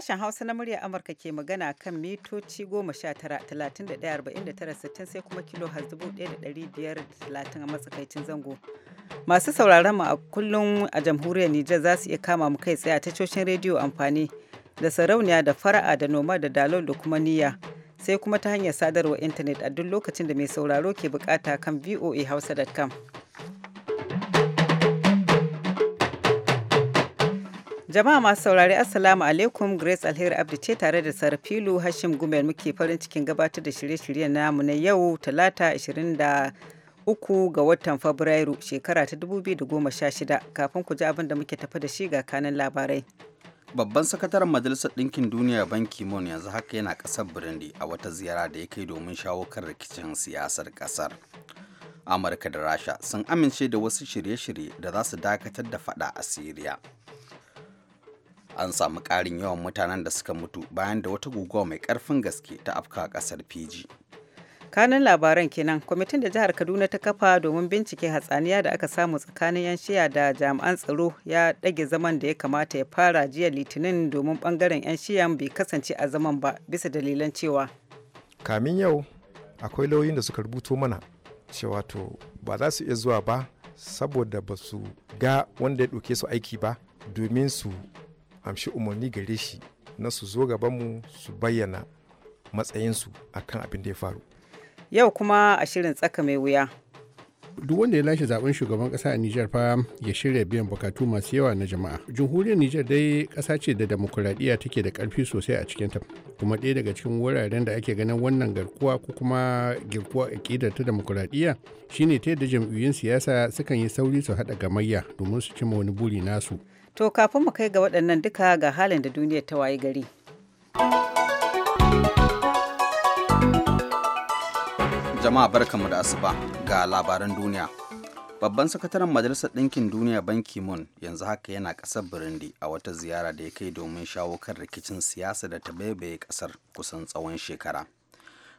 Sashen Hausa na murya Amurka ke magana kan mitoci 19 sai kuma kilo har 1,530 a matsakaicin zango. Masu sauraron mu a kullum a jamhuriyar Nijar za su iya kama mu kai tsaye a tashoshin rediyo amfani da sarauniya da fara'a da noma da dalol da kuma niyya. Sai kuma ta hanyar sadarwa intanet a duk lokacin da mai sauraro ke bukata kan voa voahausa.com. Jama'a masu saurari Assalamu alaikum Grace Alheri Abdi ce tare da Sarfilu Hashim Gumel muke farin cikin gabatar da shirye-shiryen namu na yau Talata 23 ga watan Fabrairu shekara ta 2016 kafin ku ji abin da muke tafi da shi ga kanin labarai. Babban sakataren Majalisar Ɗinkin Duniya banki mon yanzu haka yana ƙasar Burundi a wata ziyara da ya kai domin shawo kan rikicin siyasar ƙasar. Amurka da Rasha sun amince da wasu shirye-shirye da za su dakatar da fada a Siriya. an samu ƙarin yawan mutanen da suka mutu bayan da wata guguwa mai ƙarfin gaske ta afka ƙasar fiji kanun labaran kenan kwamitin da jihar kaduna ta kafa domin bincike hatsaniya da aka samu tsakanin yan shiya da jami'an tsaro ya ɗage zaman da ya kamata ya fara jiya litinin domin bangaren yan shiyan bai kasance a zaman ba bisa dalilan cewa kamin yau akwai lauyin da suka rubuto mana cewa to ba za su iya zuwa ba saboda ba su ga wanda ya ɗauke su aiki ba domin su amshi umarni gare shi na su zo gabanmu su bayyana matsayinsu akan abin da ya faru yau kuma a shirin tsaka mai wuya duk wanda ya lashe zaben shugaban kasa a Nijar fa ya shirya biyan bukatu masu yawa na jama'a. Jamhuriyar Nijar dai kasa ce da demokuraɗiyya take da ƙarfi sosai a cikinta kuma ɗaya daga cikin wuraren da ake ganin wannan garkuwa ko kuma girkuwa a aƙidar ta demokuraɗiyya shine ta yadda jam'iyyun siyasa sukan yi sauri su haɗa gamayya domin su cimma wani buri nasu. To kafin mu kai ga waɗannan duka ga halin da duniyar ta waye gari. Jama'a barkamu da asuba ga labaran duniya. Babban sakataren Majalisar Ɗinkin Duniya banki mun yanzu haka yana ƙasar Burundi a wata ziyara da ya kai domin shawo kan rikicin siyasa da ta baibaye ƙasar kusan tsawon shekara.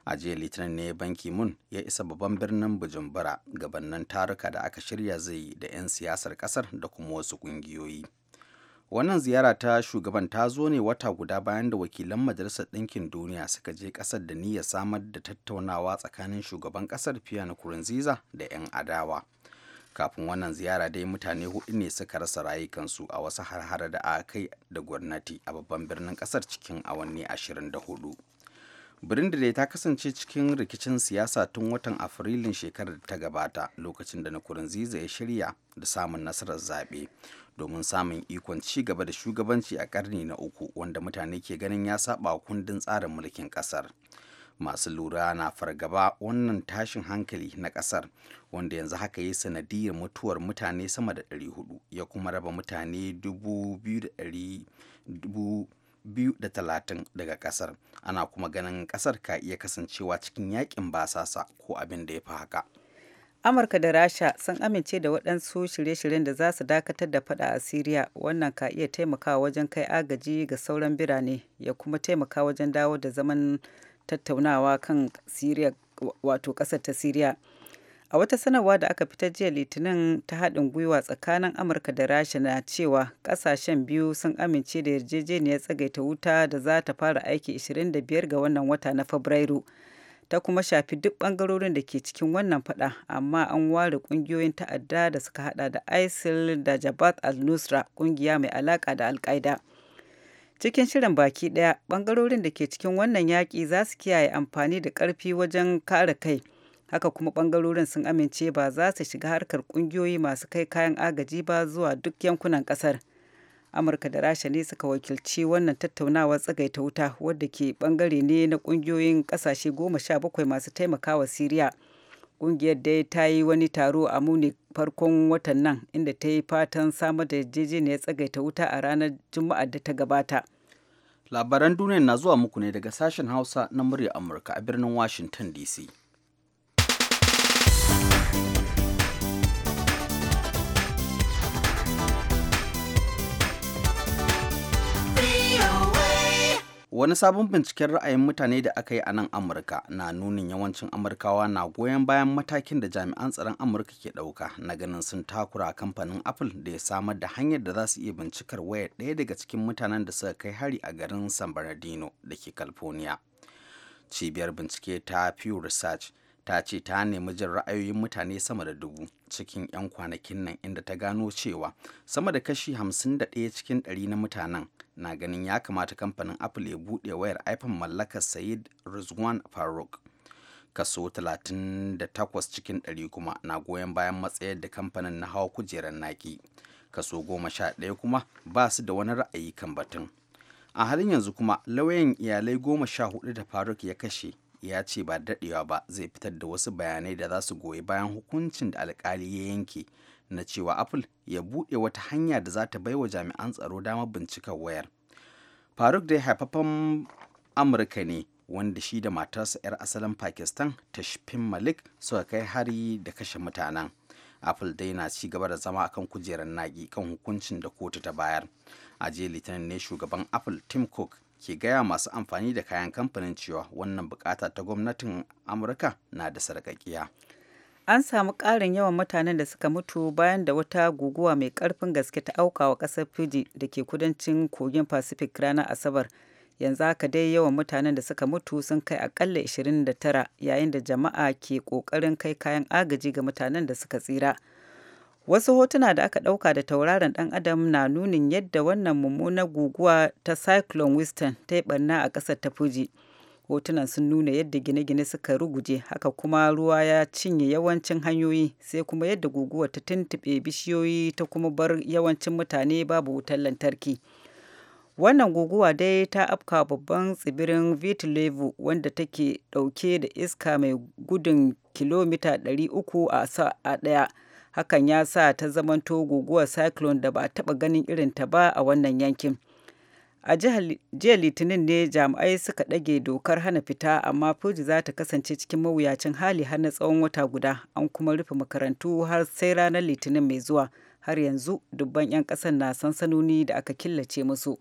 A jiya Litinin ne banki mun ya isa babban birnin Bujumbura gabannin taruka da aka shirya zai yi da 'yan siyasar ƙasar da kuma wasu ƙungiyoyi. wannan ziyara ta shugaban ta zo ne wata guda bayan da wakilan majalisar ɗinkin duniya suka je ƙasar da ya samar da tattaunawa tsakanin shugaban ƙasar fiya ziza da 'yan adawa kafin wannan ziyara dai mutane hudu ne suka rasa rayukansu a wasu harhara da aka kai da gwamnati a babban birnin ƙasar cikin awanni 24 dai ta kasance cikin rikicin siyasa tun watan Afrilun shekarar da ta gabata lokacin da na Nkurunziza ya shirya da samun nasarar zaɓe domin samun ikon ci gaba da shugabanci a karni na uku wanda mutane ke ganin ya saba kundin tsarin mulkin kasar masu lura na fargaba wannan tashin hankali na kasar wanda yanzu haka ya sanadiyar mutuwar mutane sama da 400 ya kuma raba mutane 230 daga kasar ana kuma ganin kasar ka iya kasancewa cikin yakin basasa ko abin da ya fi haka. amurka da rasha sun amince da waɗansu shirye-shiryen da za su dakatar da fada a siriya wannan ka iya taimakawa wajen kai agaji ga sauran birane ya kuma taimaka wajen dawo da zaman tattaunawa kan siriya wato ƙasar ta siriya a wata sanarwa da aka fitar jiya litinin ta haɗin gwiwa tsakanin amurka da rasha na cewa ƙasashen biyu sun amince da yarjejeniyar tsagaita wuta da za ta fara aiki 25 ga wannan wata na fabrairu ta kuma shafi duk bangarorin da ke cikin wannan fada amma an ware kungiyoyin ta'adda da suka hada da isil da jabat al-nusra kungiya mai alaka da al-qaida cikin shirin baki daya bangarorin da ke cikin wannan yaki za su kiyaye amfani da ƙarfi wajen kare kai haka kuma bangarorin sun amince ba za su shiga harkar kungiyoyi masu kai kayan agaji ba zuwa duk yankunan ƙasar. amurka da rasha ne suka wakilci wannan tattaunawar tsagaita wuta wadda ke bangare ne na kungiyoyin kasashe goma sha bakwai masu taimakawa siriya kungiyar da ta yi wani taro a muni farkon watan nan inda ta yi fatan samar da yarjejeniyar tsagaita wuta a ranar juma'a da ta gabata labaran duniya na zuwa muku ne daga sashen hausa na murya amurka a birnin washington dc wani sabon binciken ra'ayin mutane da aka yi a nan amurka na nunin yawancin amurkawa na goyon bayan matakin da jami'an tsaron amurka ke ɗauka na ganin sun takura kamfanin apple da ya samar da hanyar da za su iya bincikar waya ɗaya daga cikin mutanen da suka kai hari a garin san bernardino da ke california cibiyar bincike ta pew research ta ce ta nemi jin ra'ayoyin mutane sama da dubu cikin 'yan kwanakin nan inda ta gano cewa sama da kashi 51 cikin 100 na mutanen na ganin ya kamata kamfanin apple ya buɗe wayar iphone mallakar sayid rizwan faruk kaso 38 cikin 100 kuma na goyon bayan matsayar da kamfanin na hawa kujerar naki kaso 11 kuma ba su da wani ra'ayi kan batun a halin yanzu kuma lauyan iyalai 14 da faruk ya kashe ya ce ba daɗewa ba zai fitar da wasu bayanai da za su goyi bayan hukuncin da alkali ya yanke na cewa apple ya buɗe wata hanya da za ta bai wa jami'an tsaro damar bincikar wayar faruk dai haifafan amurka ne wanda shi da matarsa 'yar asalin pakistan tashfin malik suka kai hari da kashe mutanen apple dai na ci gaba da zama akan kujerar naƙi kan hukuncin da kotu ta bayar a jiya litinin ne shugaban apple tim cook ke gaya masu amfani da kayan kamfanin cewa wannan bukata ta gwamnatin amurka na da sarƙaƙiya an samu ƙarin yawan mutanen da suka mutu bayan da wata guguwa mai ƙarfin gaske ta auka wa ƙasar Fiji da ke kudancin kogin Pacific ranar Asabar. Yanzu haka dai yawan mutanen da suka mutu sun kai akalla 29 yayin da jama'a ke ƙoƙarin kai kayan agaji ga mutanen da suka tsira. Wasu hotuna da aka ɗauka da tauraron ɗan adam na nunin yadda wannan mummunar guguwa ta Cyclone Winston ta yi ɓarna a ƙasar ta Fuji. hotunan sun nuna yadda gine-gine suka ruguje haka kuma ruwa ya cinye yawancin hanyoyi sai kuma yadda guguwa ta tuntuɓe bishiyoyi ta kuma bar yawancin mutane babu wutar lantarki wannan guguwa dai ta afka babban tsibirin vitlevu wanda take ɗauke da iska mai gudun kilomita 300 a sa'a ɗaya hakan ya sa ta zamanto guguwar cyclone da ba taba ganin irinta ba a wannan yankin. a jiya litinin ne jami'ai suka ɗage dokar hana fita amma fuji za ta kasance cikin mawuyacin hali har na tsawon wata guda an kuma rufe makarantu har sai ranar litinin mai zuwa har yanzu dubban 'yan ƙasar na sansanoni da aka killace musu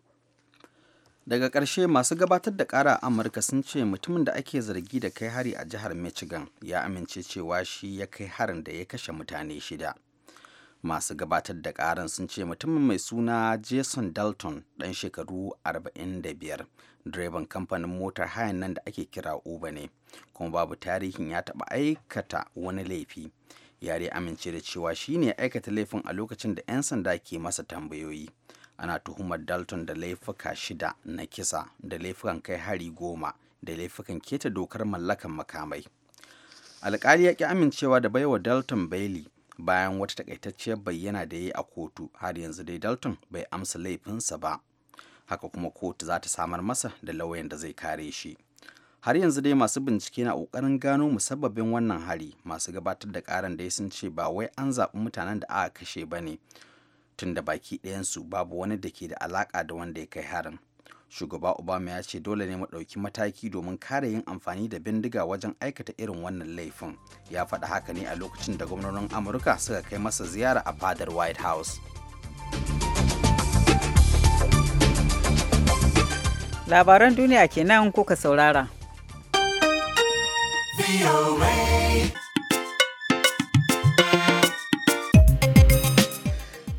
daga ƙarshe masu gabatar da ƙara a amurka sun ce mutumin da ake zargi da kai hari a jihar michigan ya amince cewa shi ya kai harin da ya kashe mutane shida masu gabatar da karan sun ce mutumin mai suna jason dalton dan shekaru 45 direban kamfanin motar hayan nan da ake kira uber ne kuma babu tarihin ya taɓa aikata wani laifi yare amince da cewa shi ne aikata laifin a lokacin da 'yan sanda ke masa tambayoyi ana tuhumar dalton da laifuka shida na kisa da laifukan kai hari goma da laifukan keta dokar mallakan makamai alkali ya ki amincewa da baiwa dalton bailey bayan wata takaitacciyar bayyana da ya yi a kotu har yanzu dai dalton bai amsa laifinsa ba haka kuma kotu za ta samar masa da lauyan da zai kare shi har yanzu dai masu bincike na ƙoƙarin gano musabbabin wannan hari masu gabatar da ƙaran dai sun ce ba wai an zaɓi mutanen da aka kashe ba ne tunda da baki ɗayansu babu wani da ke da alaƙa da wanda ya kai harin shugaba obama ya ce dole ne mu ɗauki mataki domin kare yin amfani da bindiga wajen aikata irin wannan laifin ya faɗa haka ne a lokacin da gwamnonin amurka suka kai masa ziyara a fadar white house labaran duniya kenan kuka saurara.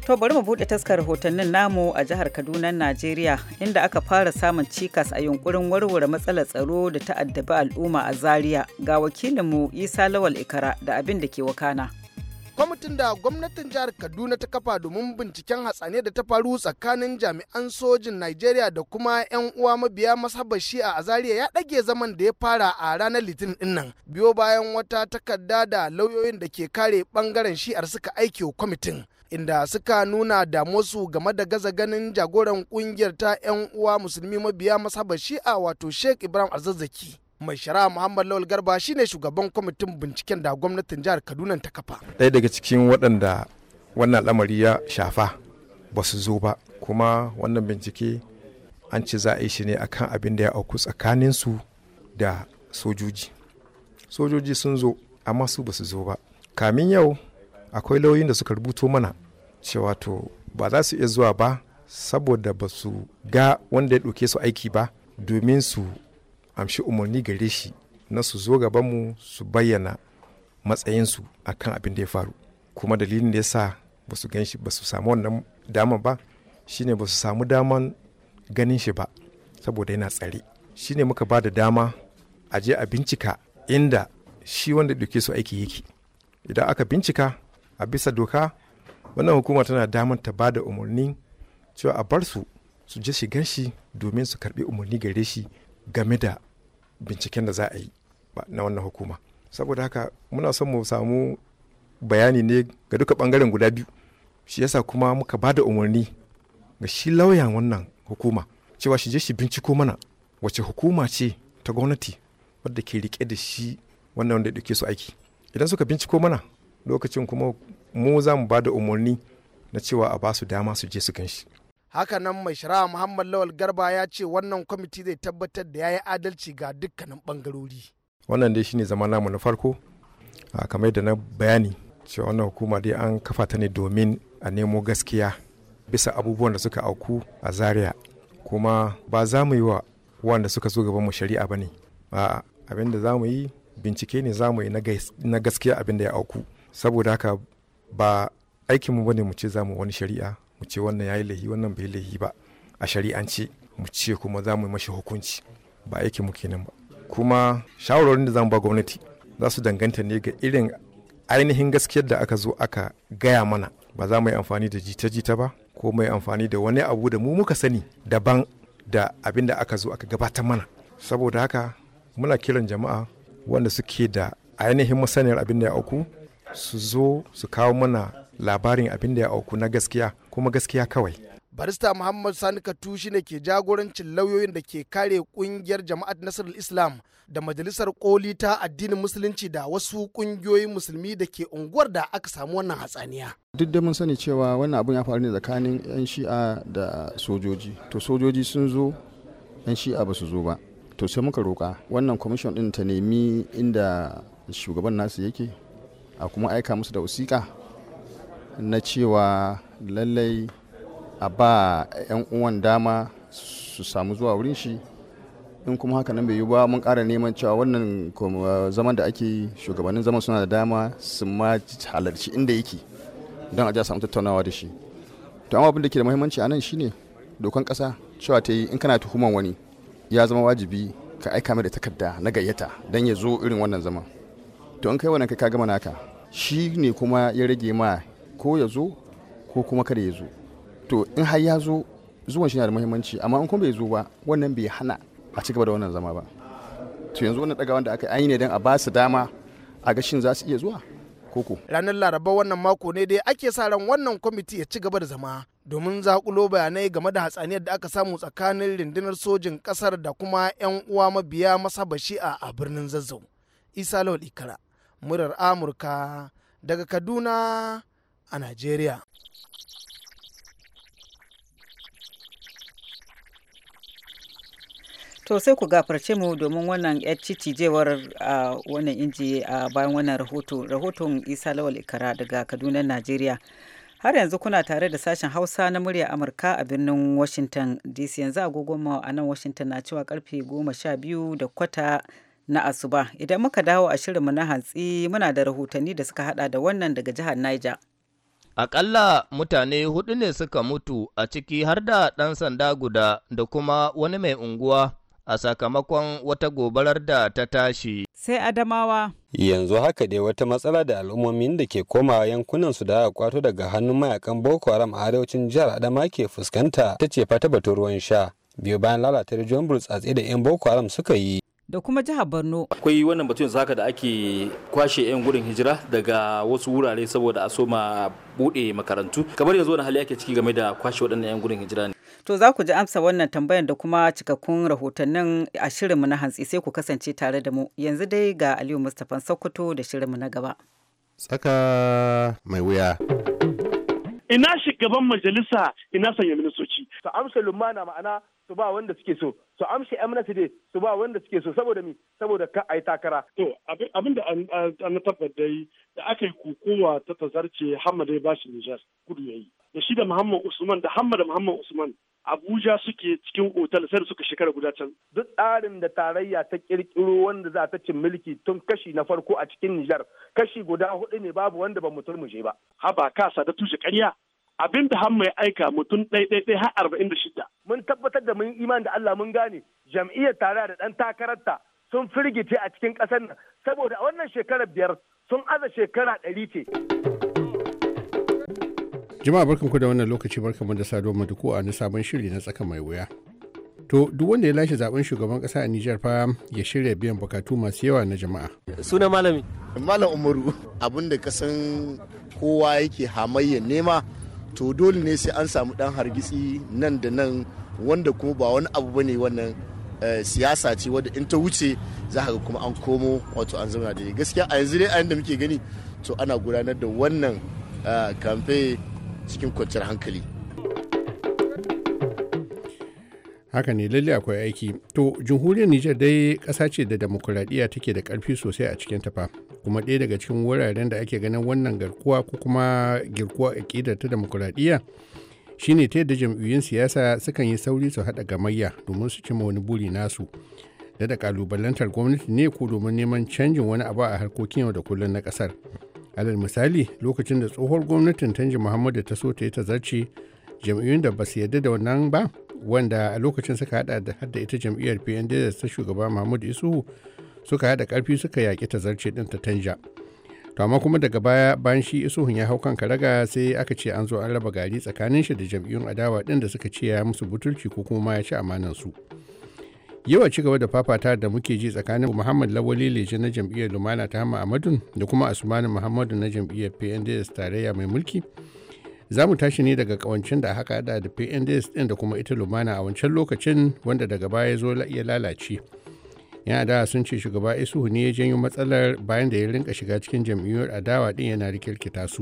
To bari mu buɗe taskar rahotannin namu a jihar Kaduna, Najeriya, inda aka fara samun cikas a yunkurin warware matsalar tsaro da ta'addabi al'umma a Zaria. Ga wakilinmu Isa Lawal Ikara da abin da ke wakana. kwamitin da gwamnatin jihar kaduna ta kafa domin binciken hatsane da ta faru tsakanin jami'an sojin najeriya da kuma 'yan uwa mabiya masabar shi'a a zaria ya ɗage zaman da ya fara a ranar litinin dinnan biyo bayan wata takarda da lauyoyin da ke kare bangaren shi'ar suka aiki kwamitin inda suka nuna damuwarsu game da gaza ganin jagoran kungiyar ta 'yan uwa musulmi mabiya mashabar shi'a wato sheikh ibrahim azazzaki mai shari'a muhammad lawal garba shine shugaban kwamitin binciken da gwamnatin jihar kaduna ta kafa ɗaya daga cikin waɗanda wannan lamari ya shafa ba su zo ba kuma wannan bincike an ce za a yi shi ne akan abin da ya auku tsakanin su da sojoji sojoji sun zo amma su ba su zo ba kamin yau akwai lauyin da suka rubuto mana cewa to ba za su iya zuwa ba saboda ba su ga wanda ya ɗauke su aiki ba domin su amshi umarni gare shi na su zo gabanmu su bayyana matsayinsu a kan abin da ya faru kuma dalilin da ya sa ba su gan shi ba su samu wannan daman ba shine ba su samu daman ganin shi ba saboda yana tsare shine muka ba da dama a je a bincika inda shi wanda duke su aiki yake idan aka bincika a bisa doka wannan hukuma tana damar ta ba da umarni cewa a bar su su je shigan shi domin su karbi umarni gare shi game da binciken da za a yi na wannan hukuma saboda haka muna son mu samu bayani ne ga duka bangaren guda biyu shi yasa kuma muka ba da umarni ga shi lauyan wannan hukuma cewa shi je shi binciko mana wace hukuma ce ta gwamnati wadda ke rike da shi wannan wanda ya dauke su aiki idan suka binciko mana lokacin kuma mu za mu ba da umarni na cewa a ba su dama su je su gan shi hakanan mai shara muhammad lawal garba ya ce wannan kwamiti zai tabbatar da ya yi adalci ga dukkanin bangarori wannan dai shine zama namu na farko kamar da na bayani cewa wannan hukuma dai an kafa ta ne domin a nemo gaskiya bisa abubuwan da suka auku a zaria kuma ba za mu yi wa wanda suka zo gaban mu shari'a ba ne abin da za mu yi bincike ne za mu yi na gaskiya abin da ya auku saboda haka ba aikinmu bane mu ce zamu wani shari'a mu ce wannan yayi laihi wannan bai laihi ba a shari'ance mu ce kuma za mu mashi hukunci ba aikinmu kenan ba kuma shawarwarin da zamu ba gwamnati za su danganta ne ga irin ainihin gaskiyar da aka zo aka gaya mana ba za mu yi amfani da jita-jita ba ko mu amfani da wani abu da mu muka sani daban da abin da aka zo aka gabatar mana saboda haka muna kiran jama'a wanda suke da ainihin masaniyar abin da ya auku su zo su kawo mana labarin abin da ya auku na gaskiya kuma gaskiya kawai barista muhammad sani katu ne ke jagorancin lauyoyin da ke kare kungiyar jama'at nasarar islam da majalisar koli ta addinin musulunci da wasu kungiyoyin musulmi da ke unguwar da aka samu wannan hatsaniya duk da mun sani cewa wannan abun ya faru ne tsakanin yan shi'a da sojoji to sojoji sun zo yan shi'a ba su zo ba to sai muka roƙa wannan kwamishin ɗin ta nemi inda shugaban nasu yake a kuma aika musu da wasiƙa na cewa lallai a ba 'yan uwan dama su samu zuwa wurin shi in kuma haka nan bai yi ba mun kara neman cewa wannan zaman da ake yi shugabannin zaman suna da dama su ma halarci inda yake don a ja samu tattaunawa da shi to amma abin da ke da muhimmanci a nan shine dokan kasa cewa ta yi in kana tuhuman wani ya zama wajibi ka aika mai da takarda na gayyata don ya zo irin wannan zaman to an kai wannan kai ka gama naka shi ne kuma ya rage ma ko ya zo ko kuma kada ya zo to in har ya zo zuwan shi na da muhimmanci amma in kuma bai zo ba wannan bai hana a ci gaba da wannan zama ba to yanzu wannan dagawan da aka yi ne don a ba su dama a ga shin za su iya zuwa koko ranar laraba wannan mako ne dai ake sa ran wannan kwamiti ya ci gaba da zama domin zakulo bayanai game da hatsaniyar da aka samu tsakanin rundunar sojin kasar da kuma 'yan uwa mabiya masa bashi a birnin zazzau isa lawal ikara murar amurka daga kaduna a nigeria. to sai ku gafarce mu domin wannan yar cicijewar a wannan inji a bayan wannan rahoto rahoton isa lawal ikara daga kaduna nigeria har yanzu kuna tare da sashen hausa na murya amurka a birnin washington dc yanzu agogon a nan washington na cewa karfe goma sha biyu da kwata na asuba idan muka dawo a shirinmu na hantsi muna da rahotanni da suka hada da wannan daga jihar Niger. Aƙalla mutane hudu ne suka mutu a ciki har da ɗan sanda guda da kuma wani mai unguwa a sakamakon wata gobarar da ta tashi. Sai Adamawa. Yanzu haka dai wata matsala da al'ummomin da ke komawa yankunan su da kwato daga hannun mayakan Boko Haram a arewacin jihar Adama ke fuskanta ta ce ta batun ruwan sha. Biyu bayan lalata rijiyon burtsatse da 'yan Boko Haram suka yi da kuma jihar borno akwai wannan batun zaka da ake kwashe 'yan gudun hijira daga wasu wurare saboda a soma bude makarantu kamar yanzu wani hali ake ciki game da kwashe waɗannan 'yan gudun hijira ne to za ku ji amsa wannan tambayar da kuma cikakkun rahotannin a shirinmu na hantsi sai ku kasance tare da mu yanzu dai ga aliyu mustapha sokoto da shirinmu na gaba tsaka mai wuya ina shugaban majalisa ina sanya ministoci ta amsa lumana ma'ana su ba wanda suke so su amshi amnesty day su ba wanda suke so saboda mi saboda ka ai takara to abin da an tabbatar da aka yi kokowa ta tazarce hamad ya bashi nijar kudu yayi da shi da muhammad usman da hamad da muhammad usman Abuja suke cikin otal sai da suka shekara guda can. Duk tsarin da tarayya ta kirkiro wanda za ta cin mulki tun kashi na farko a cikin Nijar, kashi guda hudu ne babu wanda ba mu je ba. Haba kasa da tushe karya abin da mai aika mutum ɗai-ɗai-ɗai har arba'in da shida. Mun tabbatar da mun iman da Allah mun gane jam'iyyar tare da ɗan takararta sun firgice a cikin ƙasar nan saboda a wannan shekarar biyar sun aza shekara ɗari ce. Jama'a ku da wannan lokaci barkanmu da sado maduku a na sabon shiri na tsaka mai wuya. To duk wanda ya lashe zaben shugaban kasa a Nijar fa ya shirya biyan bukatu masu yawa na jama'a. Suna malami. Malam Umaru abinda kasan kowa yake hamayya nema to dole ne sai an samu dan hargitsi nan da nan wanda kuma ba wani abu bane wannan eh, siyasa ce wadda in ta wuce za ga kuma an komo wato an zauna da gaskiya a yanzu dai a yanda muke gani to ana gudanar da wannan eh, kamfe cikin kwanciyar hankali haka ne lalle akwai aiki to jamhuriyar nijar dai ƙasa ce da demokuraɗiyya take da ƙarfi sosai a cikin tafa kuma ɗaya daga cikin wuraren da ake ganin wannan garkuwa ko kuma girkuwa a aƙidar ta demokuraɗiyya shine ta yadda jam'iyyun siyasa sukan yi sauri su haɗa gamayya domin su cimma wani buri nasu da da ƙalubalantar gwamnati ne ko domin neman canjin wani abu a harkokin yau da kullum na ƙasar alal misali lokacin da tsohuwar gwamnatin tanji muhammadu ta so ta yi tazarci jam'iyyun da ba su yarda da wannan ba wanda a lokacin suka hada da hadda ita jam'iyyar da ta shugaba muhammadu isuhu suka haɗa ƙarfi suka yaƙi zarce ɗin ta tanja to amma kuma daga baya bayan shi isuhun ya hau kan karaga sai aka ce an zo an raba gari tsakanin shi da jam'iyyun adawa ɗin da suka ce ya musu butulci ko kuma ya ci amanan su yawa ci gaba da fafata da muke ji tsakanin muhammad lawali leje na jam'iyyar lumana ta hama amadun da kuma asmanu muhammadu na jam'iyyar pnds tarayya mai mulki za mu tashi ne daga kawancin da haka da pnds ɗin da kuma ita lumana a wancan lokacin wanda daga baya zo ya lalace yana da sun ce shugaba isuhu ne ya janyo matsalar bayan da ya rinka shiga cikin jam'iyyar adawa din yana rikirkita su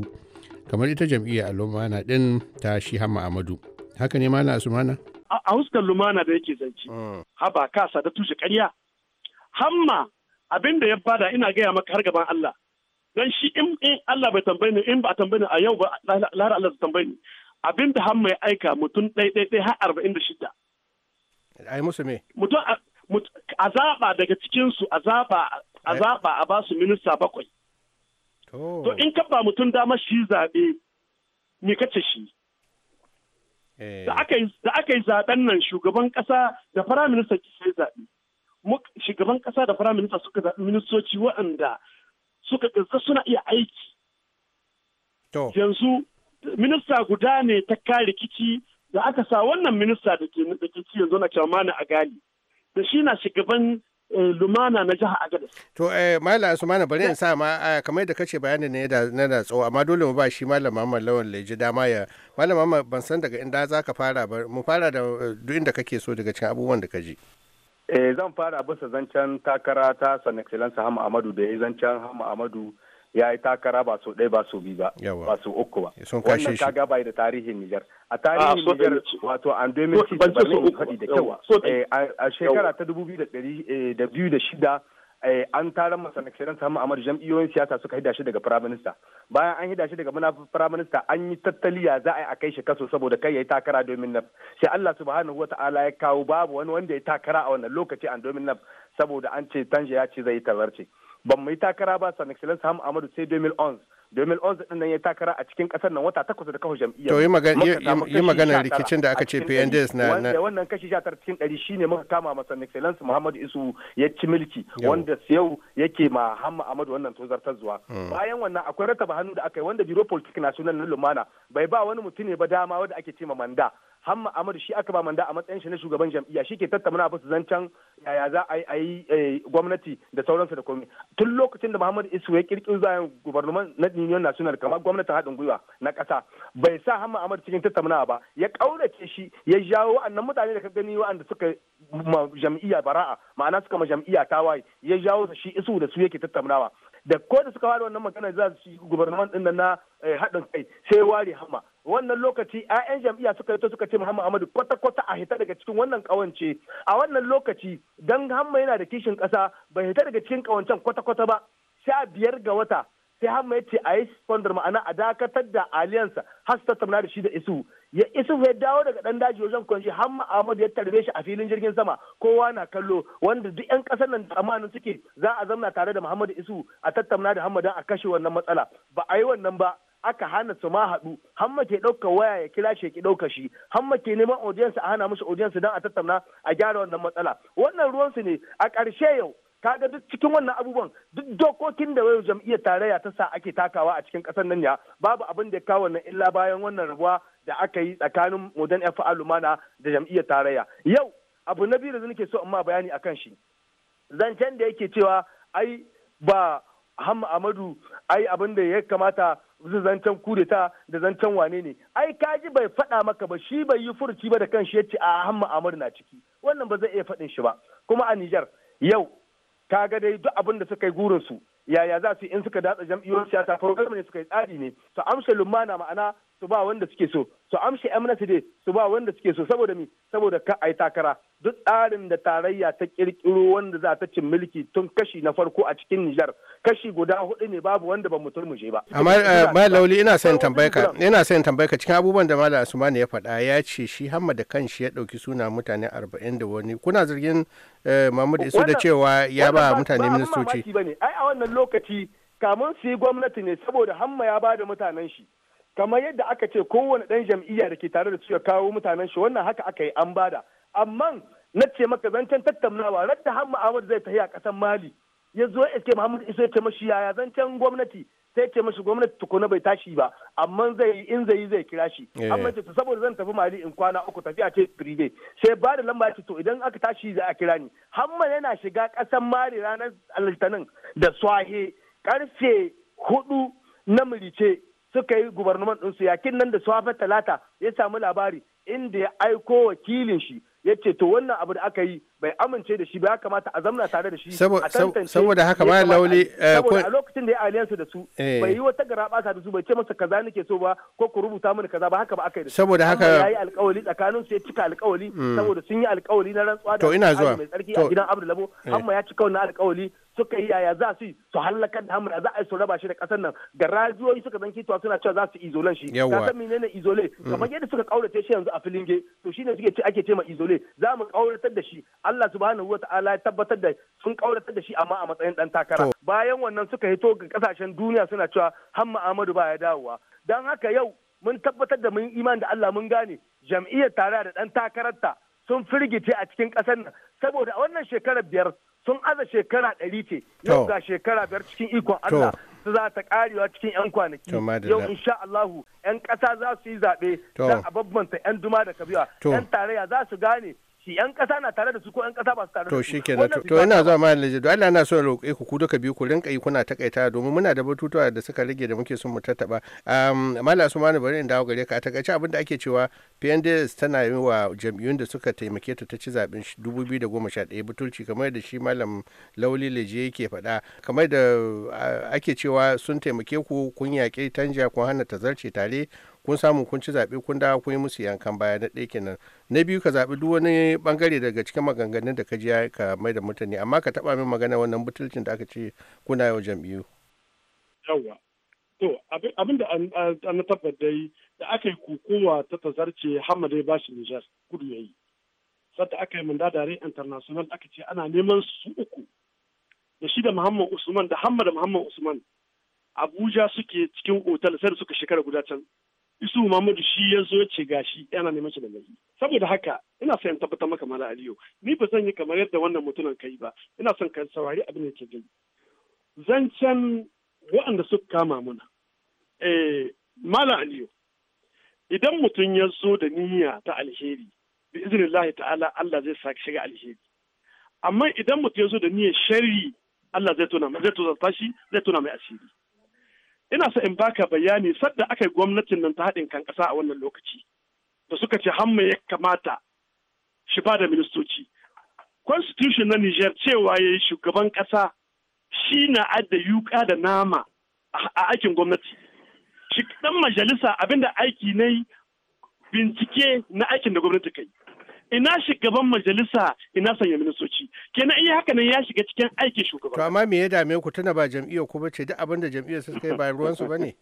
kamar ita jam'iyyar alumana din ta shi hama amadu haka ne malam asumana a huskar lumana da yake zance hmm. haba kasa da tushe karya hamma abin da ya bada ina gaya maka har gaban Allah dan shi in Allah bai tambaye ni in ba tambaye ni a yau ba lahar Allah zai tambaye ni abin da hamma ya aika mutum ɗai ɗai har arba'in da shida ai musu me mutum a zaɓa daga cikinsu a zaɓa a eh. zaɓa a ba su minista bakwai. To in ka ba mutum dama shi zaɓe me kace shi. Eh. Da aka yi zaɓen nan shugaban ƙasa da firaminista sai zaɓe. Shugaban ƙasa da minista suka zaɓi ministoci waɗanda suka ƙirza suna iya aiki. Yanzu minista guda ne ta kare kici da aka sa wannan minista da ke ci yanzu na kyamani a gali. da shi na shugaban eh, lumana na jihar agadez to eh malam asmana bari in sa ma kamar da kace bayanin ne da na da tsawo amma dole mu ba shi malam Muhammad Lawan Leji dama ya malam Muhammad ban san daga inda ka fara ba mu fara da eh, duk inda kake so daga cikin abubuwan da ka ji eh, zan fara bisa zancen takara ta san excellence Amadu da ya zancen Hama Amadu ya yi takara ba su ɗaya ba su biyu ba ba su uku ba wannan ta bai da tarihin Nijar a ah, tarihin Nijar wato an ci ba ne faɗi da kyau eh, a shekara ta 2006 eh, eh, an tara masa na kiran samu amar jam'iyyoyin siyasa suka hida shi daga minister bayan an hida shi daga minister an yi tattaliya za a yi a kai shi kaso saboda kai ya yi takara domin na sai Allah subhanahu wa ta'ala ya kawo babu wani wanda ya takara a wannan lokaci an domin naf saboda an ce tanje ya ce zai yi tazarce ban mai yi takara ba san excellence ham amadu sai 2011 domin onze din nan ya takara a cikin kasar nan wata takwas da kawo jam'iyyar to yi magana rikicin da aka ce PNDS na wanda wannan kashi tara cikin ɗari shine muka kama masa excellence Muhammadu Isu ya ci milki wanda yau yake ma Hamma amadu wannan tozartar zuwa hmm. bayan wannan akwai rataba hannu da aka yi wanda politik Politique National na Lumana bai ba wani mutum ne ba dama wanda ake ce ma manda hamma amadu shi aka ba manda a matsayin shi na shugaban jam'iyya shi ke tattauna ba su zancen yaya za a yi eh, gwamnati da sauransu da komai tun lokacin da muhammadu isu ya kirkiro zayen gubernuman na union national kamar gwamnatin haɗin gwiwa na ƙasa bai sa hamma amur cikin tattaunawa ba ya ƙaurace shi ya jawo wa'annan mutane da ka gani wa'anda suka ma jam'iyya bara'a ma'ana suka ma jam'iyya tawaye ya jawo shi isu da su yake tattaunawa da ko da suka fara wannan magana za su yi gubernaman ɗin na eh, haɗin kai sai ware hama wannan lokaci 'ya'yan jam'iyya suka to suka ce Muhammad amadu kwata kwata a hita daga cikin wannan kawance a wannan lokaci dan hamma yana da kishin ƙasa bai hita daga cikin kawancen kwata kwata ba sha biyar ga wata sai hamma ya ce a yi sondar ma'ana a dakatar da aliyansa har su tattauna da shi da isu ya isu ya dawo daga dan daji wajen kwanci hamma ma'amadu ya tarbe shi a filin jirgin sama kowa na kallo wanda duk yan kasar nan da amanin suke za a zamna tare da muhammadu isu a tattauna da hamma a kashe wannan matsala ba a yi wannan ba aka hana su ma haɗu hamma ke ɗauka waya ya kira shi ya ki ɗauka shi hamma ke neman audiyansa a hana musu audiyansa don a tattauna a gyara wannan matsala wannan ruwansu ne a ƙarshe yau kaga duk cikin wannan abubuwan duk dokokin da wayo jam'iyyar tarayya ta sa ake takawa a cikin kasar nan ya babu abin da ya kawo wannan illa bayan wannan rabuwa da aka yi tsakanin modern FA Lumana da jam'iyyar tarayya yau abu na biyu da nake so in ma bayani akan shi zancen da yake cewa ai ba Ham Amadu ai abin da ya kamata zancen kudeta da zancen wane ne ai kaji bai faɗa maka ba shi bai yi furuci ba da kanshi ce a Ham Amadu na ciki wannan ba zai iya faɗin shi ba kuma a Nijar yau ka ga dai duk abin da suka yi gurin su yaya za su in suka datsa jam'iyyar siyasa program ne suka yi tsari ne To amsa lumana ma'ana su ba wanda suke so su amshi amnesty day su ba wanda suke so saboda mi saboda ka ai takara duk tsarin da tarayya ta kirkiro wanda za ta cin mulki tun kashi na farko a cikin Nijar kashi guda hudu ne babu wanda ba mutum je ba amma eh, malauli ina son tambayka ina son tambayka cikin abubuwan da malam Usman ya faɗa ya ce shi hamma da kanshi ya ɗauki suna mutane arba'in da wani kuna zargin eh, Mahmud Isu da cewa ya ba mutane ministoci ai a wannan lokaci kamun su yi gwamnati ne saboda hamma ya ba da mutanen shi kamar yadda aka ce kowane ɗan jam'iyya da ke tare da su ya kawo mutanen shi wannan haka aka yi an bada amma na ce maka zancen tattaunawa radda har ma'amud zai tafi a ƙasar mali ya zo ya ce isa iso ya ce mashi yaya zancen gwamnati sai ce mashi gwamnati tukuna bai tashi ba amma zai yi in zai yi zai kira shi eh. amma ce saboda zan tafi mali in kwana uku tafiya ce pride sai ba da lamba to idan aka tashi za a kira ni hamma yana shiga ƙasar mali ranar litinin da swahe karfe hudu na milice suka yi gubernuman ɗinsu yakin nan da safe talata ya samu labari inda ya aiko wakilin shi ya ce to wannan abu da aka yi bai amince da shi ba ya kamata a zamna tare da shi saboda haka ba lauli eh, saboda a lokacin da ya aliyansu da su eh. bai yi wata garabata da su bai ce masa kaza nake so ba ko ku rubuta mini kaza ba haka ba aka yi da saboda haka ya yi alkawali tsakanin su ya cika alkawali hmm. saboda sun yi alkawali na rantsuwa da ina zuwa mai tsarki a gidan Abdul Labo eh. amma ya cika wannan alkawali suka yi yaya za su su hallakar da hamra za a yi su raba shi da kasar nan ga rajiyoyi suka zanki to suna cewa za su izolan shi ka san menene izole hmm. kamar yadda suka kaurace shi yanzu a filinge to shine suke ce ake ce ma izole za mu kauratar da shi Allah subhanahu wa ta'ala ya tabbatar da sun kauratar da shi amma a matsayin dan takara bayan wannan suka hito ga kasashen duniya suna cewa hamma Muhammadu ba ya dawowa dan haka yau mun tabbatar da mun iman da Allah mun gane jam'iyyar tare da dan takararta sun firgice a cikin kasar nan saboda a wannan shekarar biyar sun aza shekara ɗari ce yau ga shekara biyar cikin ikon Allah su za ta karewa cikin 'yan kwanaki yau insha Allahu 'yan ƙasa za su yi zaɓe don a babbanta 'yan duma da kabiwa 'yan tarayya za su gane shi yan kasa na tare da su ko yan kasa ba su tare da su to shikenan to ina zuwa ma lalle Allah yana so roƙe ku ku duka biyu ku rinka yi kuna takaita domin muna da batutuwa da suka rage da muke son mu tattaba um mala Usman bari in dawo gare ka a takaice abin da ake cewa PNDS tana yi wa jam'iyyun da suka taimake ta ta ci zaben 2011 butulci kamar da shi malam Lauli Leje yake faɗa kamar da ake cewa sun taimake ku kun yaƙe tanja kun hana ta tazarce tare kun samu kun ci zaɓe kun dawo kun yi musu yankan baya na ɗaya kenan na biyu ka zaɓi duk wani bangare daga cikin maganganun da ka ji ka mai da mutane amma ka taɓa min magana wannan butulcin da aka ce kuna yau jam'iyyu. yawwa to abin da an tabbar dai da aka yi kokowa ta tazarce hamma dai bashi nijar kudu ya yi sadda aka yi mandadare international aka ce ana neman su uku da shi da muhammad usman da hamma da muhammad usman abuja suke cikin otal sai da suka shekara guda can Isu Muhammadu shi ya zo ya ce gashi yana neman shi da laifi. Saboda haka ina son tabbatar maka mara Aliyu ni ba zan yi kamar yadda wannan mutumin kai ba ina son ka saurari abin da ke gani. Zancen waɗanda suka kama muna. Eh Malam Aliyu idan mutum ya zo da niyya ta alheri bi iznillahi ta'ala Allah zai sa shiga alheri. Amma idan mutum ya zo da niyyar shari'a Allah zai tona zai tona mai asiri. ina so in baka bayani sadda aka yi gwamnatin nan ta haɗin kan ƙasa a wannan lokaci da suka ce hamma ya kamata shi ba da ministoci constitution na Niger cewa ya yi shugaban ƙasa shi na adda yuka da nama a aikin gwamnati shi ɗan majalisa abinda aiki na bincike na aikin da gwamnati ka yi. ina shugaban majalisa ina sanya ministoci kenan iya haka nan ya shiga cikin aikin shugaba to amma me ya dame ku tana ba jam'iyyar ku bace duk abin da jam'iyyar suka yi ba ruwan su bane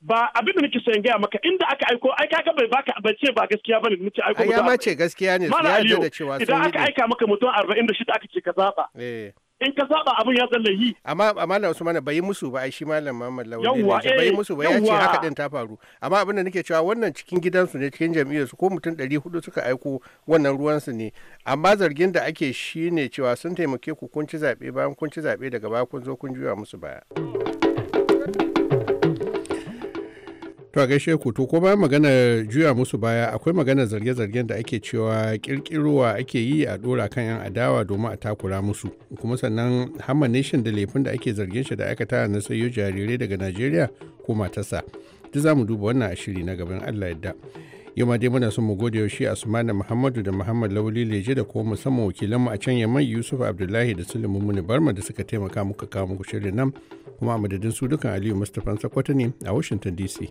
ba abin da nake so in gaya maka inda aka aiko ai kaga bai baka ban ce ba gaskiya bane nace aiko ai ya ma ce gaskiya ne ya da cewa idan aka aika maka mutum 46 aka ce ka zaba eh in ka saba abin ya san yi. amma amma na Usman bai yi musu ba ai shi malam Muhammad Lawli ne bai yi eh, musu ba ya ce haka din ta faru amma abin da nake cewa wannan cikin gidansu ne cikin jami'ar su ko mutum 400 suka aiko wannan ruwan su ne amma zargin da ake shine cewa sun taimake ku kun ci zabe bayan kun ci zabe daga baya kun zo kun juya musu baya To a gaishe ku to ko bayan magana juya musu baya akwai magana zarge-zargen da ake cewa kirkirowa ake yi a dora kan 'yan adawa domin a takura musu. Kuma sannan Hammer Nation da laifin da ake zargin shi da aka aikata na sayo jarirai daga Najeriya ko matasa Duk zamu duba wannan a shiri na gaban Allah yadda. yau ma dai muna son mu gode yaushe asmana muhammadu da muhammad lauli leje da kuma musamman wakilanmu a can yamman yusuf abdullahi da sulaiman muni barma da suka taimaka muka kawo muku shirin nan kuma a madadin su dukan aliyu mustapha sakwata ne a washington dc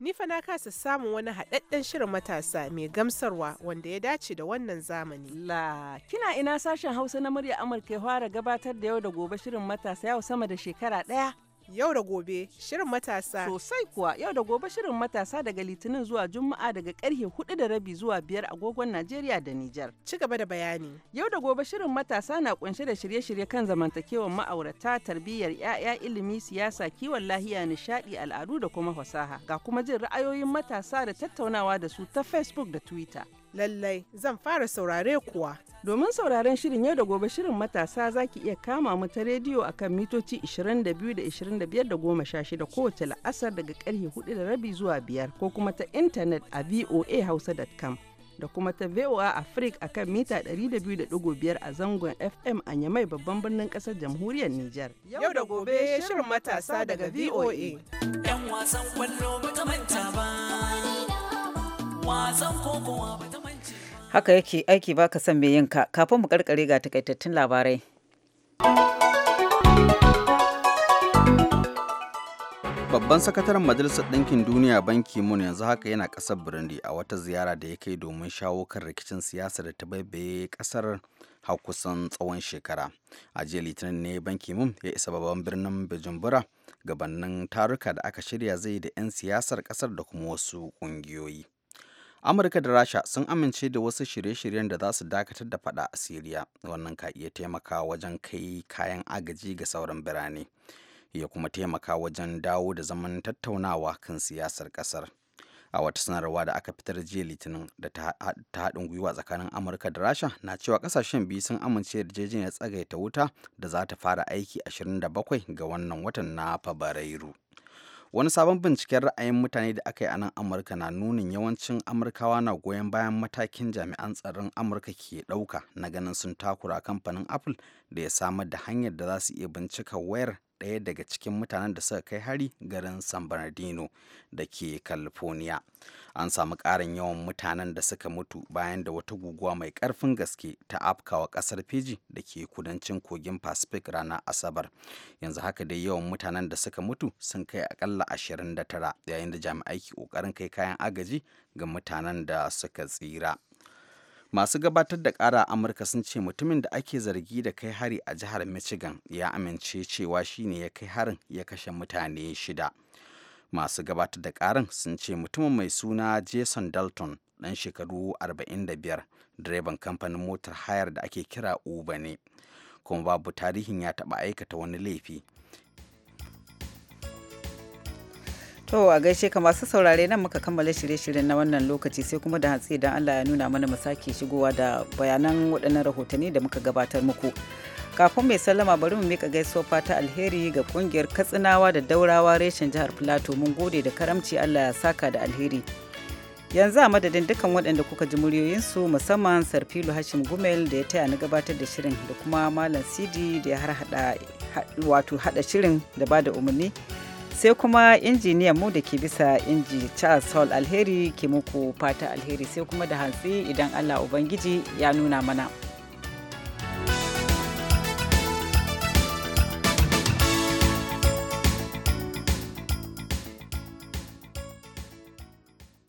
Ni fa na kasa samun wani haɗaɗɗen shirin matasa mai gamsarwa wanda ya dace da wannan zamani. La, kina ina sashen Hausa na murya Amurka ya fara gabatar da yau da gobe shirin matasa yau sama da shekara ɗaya. yau da gobe shirin matasa. Sosai kuwa yau da gobe shirin matasa daga litinin zuwa juma'a daga karhe hudu da rabi zuwa biyar agogon Najeriya da Nijar. Ci gaba da bayani. Yau da gobe shirin matasa na kunshe da shirye-shirye kan zamantakewar ma'aurata tarbiyyar ya'ya ilimi siyasa kiwon lahiya nishadi al'adu da kuma fasaha ga kuma jin ra'ayoyin matasa da tattaunawa da su ta Facebook da Twitter. lallai zan fara saurare kuwa. Domin sauraren shirin yau da gobe shirin matasa za ki iya kama mu ta rediyo a kan mitoci 22 da 25 da 16 kowace la'asar daga karfe 4 da rabi zuwa biyar ko kuma ta intanet a voahausa.com da kuma ta VOA Africa kan mita 200.5 a zangon FM a Nyamai babban birnin kasar jamhuriyar Nijar. Yau da gobe shirin matasa daga VOA. 'Yan wasan kwallo ba ba. wasan ba ta Haka yake aiki baka son mai yinka kafin mu karkare ga takaitattun labarai. Babban sakataren Majalisar Ɗinkin Duniya Banki Mun yanzu haka yana ƙasar Burundi a wata ziyara da ya kai domin shawo kan rikicin siyasa da ta baibaye ƙasar har tsawon shekara. A jiya Litinin ne Banki Mun ya isa babban birnin Bujumbura gabanin taruka da aka shirya zai da 'yan siyasar ƙasar da kuma wasu ƙungiyoyi. amurka da rasha sun amince da wasu shirye-shiryen da za su dakatar da fada a siriya wannan ka iya taimaka wajen kai kayan agaji ga sauran birane ya kuma taimaka wajen dawo da zaman tattaunawa kan siyasar kasar a wata sanarwa da aka fitar jiya litinin da ta haɗin gwiwa tsakanin amurka da rasha na cewa kasashen biyu sun amince da jejin ya tsagaita wuta da za ta fara aiki 27 ga wannan watan na fabrairu wani sabon binciken ra'ayin mutane da aka yi a nan amurka na nunin yawancin amurkawa na goyon bayan matakin jami'an tsaron amurka ke ɗauka na ganin sun takura kamfanin apple da ya samar da hanyar da za su iya bincika wayar ɗaya daga cikin mutanen da suka kai hari garin san bernardino da ke california an samu ƙarin yawan mutanen da suka mutu bayan da wata guguwa mai ƙarfin gaske ta afkawa ƙasar fiji da ke kudancin kogin pacific ranar asabar yanzu haka dai yawan mutanen da suka mutu sun kai akalla 29 yayin da jami'ai ke ƙoƙarin kai kayan agaji ga mutanen da suka tsira masu gabatar da kara amurka sun ce mutumin da ake zargi da kai hari a jihar michigan ya amince cewa shine ya kai harin ya kashe mutane shida masu gabatar da karin sun ce mutumin mai suna jason dalton dan shekaru 45 direban kamfanin motar hayar da ake kira uber ne kuma babu tarihin ya taɓa aikata wani laifi To a gaishe ka masu saurare nan muka kammala shirye-shiryen na wannan lokaci sai kuma da hatsi idan Allah ya nuna mana mu sake shigowa da bayanan waɗannan rahotanni da muka gabatar muku. Kafin mai sallama bari mu mika gaisuwa fata alheri ga kungiyar Katsinawa da Daurawa reshen jihar Filato mun gode da karamci Allah ya saka da alheri. Yanzu a madadin dukkan waɗanda kuka ji muryoyinsu musamman Sarfilu Hashim Gumel da ya taya na gabatar da shirin da kuma Malam Sidi da ya har wato haɗa shirin da bada umarni. sai kuma injiniyan mu da ke bisa inji charles hall alheri ke muku fata alheri sai kuma da hantsi idan allah ubangiji ya nuna mana.